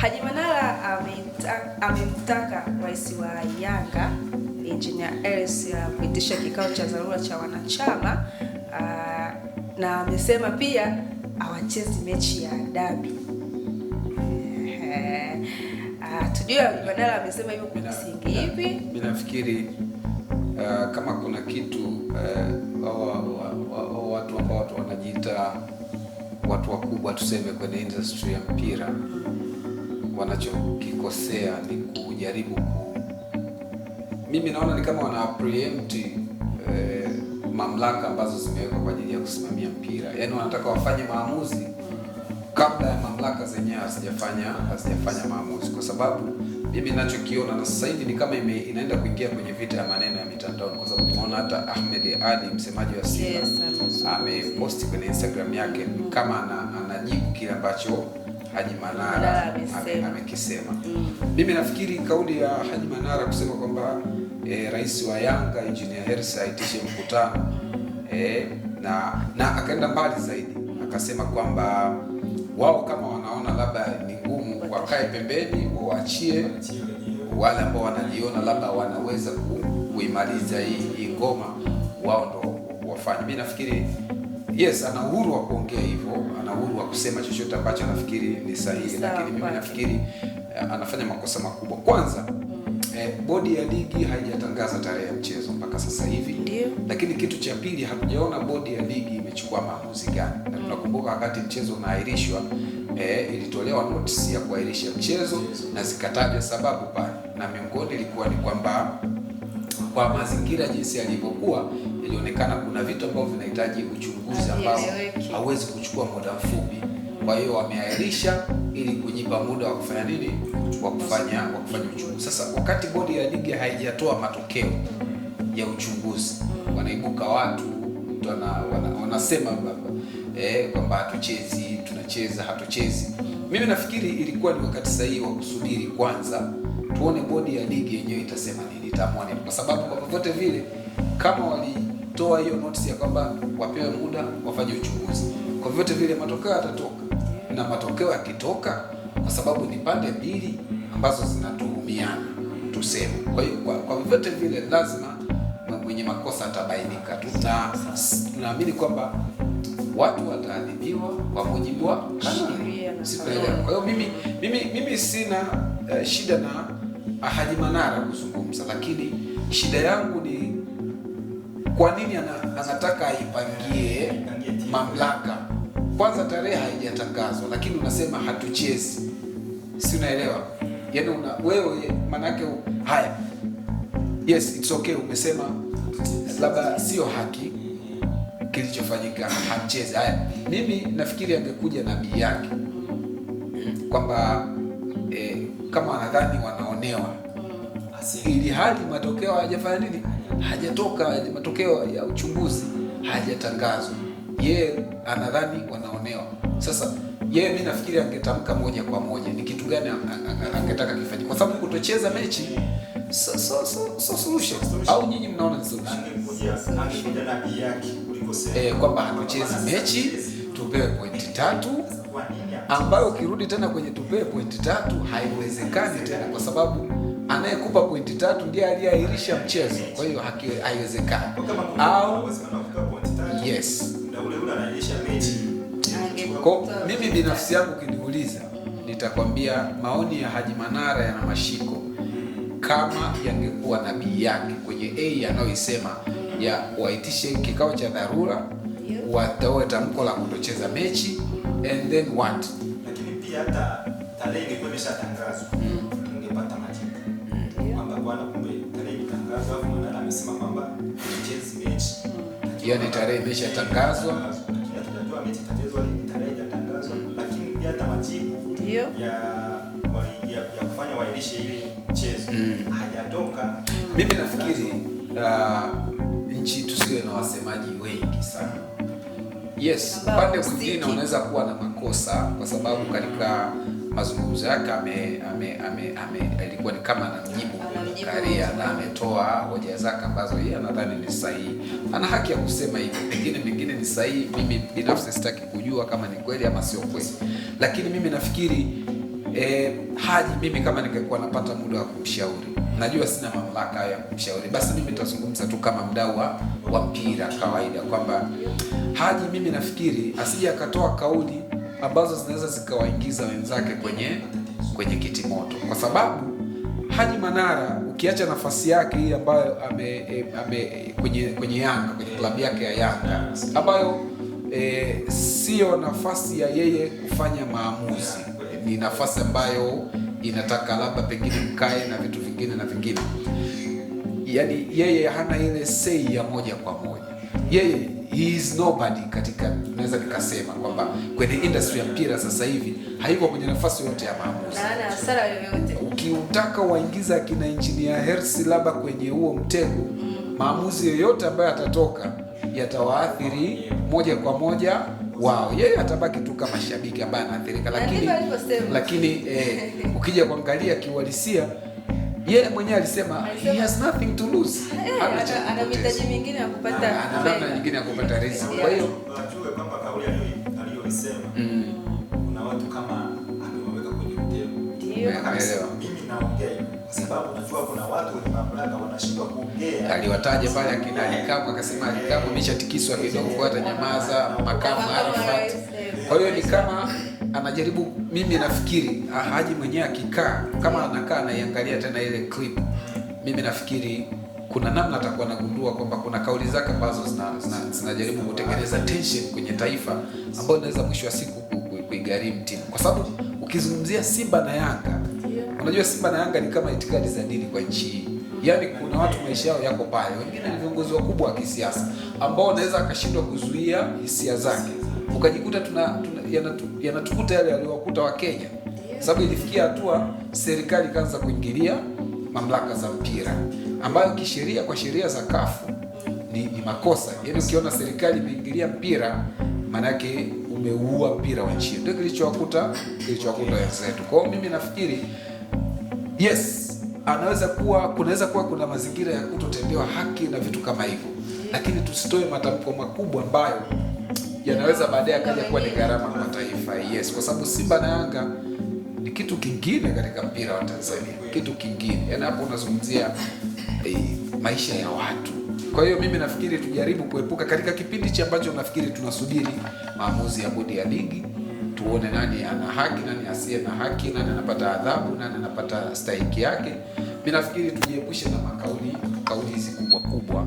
Haji Manara amemtaka rais wa Yanga Engineer Hersi uh, kuitisha kikao cha dharura cha wanachama aa, uh, na amesema pia awachezi mechi ya dabi. Ah, tujue Haji Manara amesema hivyo kwa msingi ipi? Mimi nafikiri uh, kama kuna kitu uh, wa, wa, wa, wa, watu ambao watu wanajiita watu wakubwa tuseme kwenye industry ya mpira wanachokikosea ni kujaribu ku, mimi naona ni kama wana preempt eh, mamlaka ambazo zimewekwa kwa ajili ya kusimamia mpira, yaani wanataka wafanye maamuzi kabla ya mamlaka zenyewe hazijafanya hazijafanya maamuzi, kwa sababu mimi ninachokiona na sasa hivi ni kama ime, inaenda kuingia kwenye vita ya maneno ya mitandao kwa sababu nimeona hata Ahmed Ali msemaji wa Simba yes, ameposti kwenye Instagram yake kama anajibu kile ambacho Haji Manara amekisema. Mm. Mimi nafikiri kauli ya Haji Manara kusema kwamba e, rais wa Yanga Engineer Hersi aitishe mkutano e, na na akaenda mbali zaidi akasema kwamba wao kama wanaona labda ni ngumu, wakae pembeni, wawachie wale ambao wanaliona labda wanaweza kuimaliza hii ngoma, wao ndo wafanye. Mimi nafikiri yes, ana uhuru wa kuongea hivyo kusema chochote ambacho anafikiri ni sahihi, lakini mimi nafikiri eh, anafanya makosa makubwa. Kwanza mm. eh, bodi ya ligi haijatangaza tarehe ya mchezo mpaka sasa hivi Ndiyo. Lakini kitu cha pili hatujaona bodi ya ligi imechukua maamuzi gani, na mm. tunakumbuka wakati mchezo unaahirishwa eh, ilitolewa notisi ya kuahirisha mchezo na zikatajwa sababu pale, na miongoni ilikuwa ni kwamba kwa mazingira jinsi yalivyokuwa, ilionekana kuna vitu ambavyo vinahitaji uchunguzi ambao hauwezi kuchukua muda mfupi. Kwa hiyo wameahirisha ili kujipa muda wa kufanya nini, wa kufanya wa kufanya uchunguzi. Sasa wakati bodi ya ligi haijatoa matokeo ya uchunguzi, wanaibuka watu wanasema eh, kwamba hatuchezi, tuna tukicheza hatuchezi. Mimi nafikiri ilikuwa ni wakati sahihi wa kusubiri kwanza, tuone bodi ya ligi yenyewe itasema nini, itaamua nini, kwa sababu kwa vyovyote vile kama walitoa hiyo notisi ya kwamba wapewe muda wafanye uchunguzi, kwa vyovyote vile matokeo yatatoka, na matokeo yakitoka, kwa sababu ni pande mbili ambazo zinatuhumiana tuseme. Kwa hiyo kwa vyovyote vile lazima mwenye makosa atabainika tu, na tunaamini kwamba watu wataadhibiwa kwa mujibu wa kanuni. Kwa hiyo mimi, mimi, mimi sina uh, shida na Haji Manara kuzungumza, lakini shida yangu ni kwa nini anataka aipangie mamlaka. Kwanza tarehe haijatangazwa, lakini unasema hatuchezi, si unaelewa? Yaani una wewe manake haya, yes it's okay, umesema labda sio haki kilichofanyika hamchezi. Haya, mimi nafikiri angekuja nabii yake kwamba e, kama wanadhani wanaonewa ili hali matokeo hajafanya nini, hajatoka, matokeo ya uchunguzi hajatangazwa, ye anadhani wanaonewa. Sasa ye mi nafikiri angetamka moja kwa moja ni kitu gani angetaka kifanyike, kwa sababu kutocheza mechi so, so, so, so solution au nyinyi mnaona ni solution? eh, kwamba hatuchezi mechi tupewe pointi tatu ambayo ukirudi tena kwenye tupewe pointi tatu haiwezekani tena, kwa sababu anayekupa pointi tatu ndiye aliyeahirisha mchezo, kwa hiyo haiwezekani. Au yes, kwa mimi binafsi yangu ukiniuliza, nitakwambia maoni ya Haji Manara yana mashiko. Kama yangekuwa nabii yake kwenye a anayoisema ya waitishe kikao cha dharura, watoe tamko la kutocheza mechi and then what? Lakini pia hata tarehe ungepata mm. majibu kwamba bwana, kumbe tarehe imetangazwa, au amesema kwamba tucheze mechi, yaani tarehe imeshatangazwa, mechi itachezwa tarehe mm. lakini pia hata majibu ya ya kufanya ile mchezo mm. hajatoka. Mimi nafikiri uh, nchi tusiwe na wasemaji wengi sana. Yes, upande mwingine unaweza kuwa na makosa kwa sababu katika mazungumzo yake ame, ame, ame, ame alikuwa ni kama anamjibu Karia na ametoa hoja zake ambazo yeye anadhani ni sahihi. Ana haki ya kusema hivyo, pengine mengine ni sahihi. Mimi binafsi sitaki kujua kama ni kweli ama sio kweli, lakini mimi nafikiri E, Haji, mimi kama ningekuwa napata muda wa kumshauri, najua sina mamlaka ya kumshauri, basi mimi nitazungumza tu kama mdau wa mpira kawaida, kwamba Haji, mimi nafikiri asije akatoa kauli ambazo zinaweza zikawaingiza wenzake kwenye kwenye kiti moto, kwa sababu Haji Manara ukiacha nafasi yake hii ambayo ame, e, ame kwenye kwenye Yanga kwenye klabu yake ya Yanga ambayo e, siyo nafasi ya yeye kufanya maamuzi ni nafasi ambayo inataka labda pengine mkae na vitu vingine na vingine, yani yeye hana ile sei ya moja kwa moja, yeye he is nobody katika, naweza nikasema kwamba kwenye industry ya mpira sasa hivi haiko kwenye nafasi yoyote ya maamuzi. Ukiutaka waingiza akina injinia Hersi labda kwenye huo mtego, maamuzi yoyote ambayo atatoka yatawaathiri moja kwa moja wao. Yeye atabaki tu kama shabiki ambaye anaathirika, lakini lakini eh, ukija kuangalia kiuhalisia yeye mwenyewe alisema he has nothing to lose, ana mitaji mingine ya kupata, ah, ana namna nyingine ya kupata riziki. Kwa hiyo tunajua kwamba kauli aliyosema mm. kuna watu kama ameweka kwenye mtego, ndio. Mimi naongea kwa sababu najua kuna watu wenye mamlaka wanashindwa kuongea. Aliwataja pale akina Alikamu, akasema Alikamu ameshatikiswa kidogo, hata nyamaza makamu Arafat. Kwa hiyo ni kama anajaribu, mimi nafikiri ah, Haji mwenyewe akikaa kama anakaa anaiangalia tena ile clip, mimi nafikiri kuna namna atakuwa anagundua kwamba kuna kauli zake ambazo zinajaribu kutengeneza tension kwenye taifa ambayo inaweza mwisho wa siku kuigharimu timu, kwa sababu ukizungumzia Simba na Yanga Unajua Simba na Yanga ni kama itikadi za dini kwa nchi hii. Yaani kuna watu maisha yao yako pale, wengine ni viongozi wakubwa wa kisiasa ambao wanaweza akashindwa kuzuia hisia zake, ukajikuta tuna, tuna yanatukuta yale yaliyowakuta wa Kenya, sababu ilifikia hatua serikali ikaanza kuingilia mamlaka za mpira ambayo kisheria kwa sheria za kafu ni, ni makosa. Yaani ukiona serikali imeingilia mpira maanake umeua mpira wa nchi. Ndio kilichowakuta kilichowakuta wenzetu. Kwa hiyo mimi nafikiri Yes, anaweza kuwa kunaweza kuwa kuna mazingira ya kutotendewa haki na vitu kama hivyo, lakini tusitoe matamko makubwa ambayo yanaweza baadaye akaja kuwa ni gharama kwa taifa. Yes, kwa sababu Simba na Yanga ni kitu kingine katika mpira wa Tanzania, kitu kingine. Yaani hapo unazungumzia eh, maisha ya watu. Kwa hiyo mimi nafikiri tujaribu kuepuka katika kipindi cha ambacho nafikiri tunasubiri maamuzi ya bodi ya ligi tuone nani ana haki, nani asiye na haki, nani anapata adhabu, nani anapata stahiki yake. Mimi nafikiri tujiepushe na makauli kauli hizi kubwa kubwa.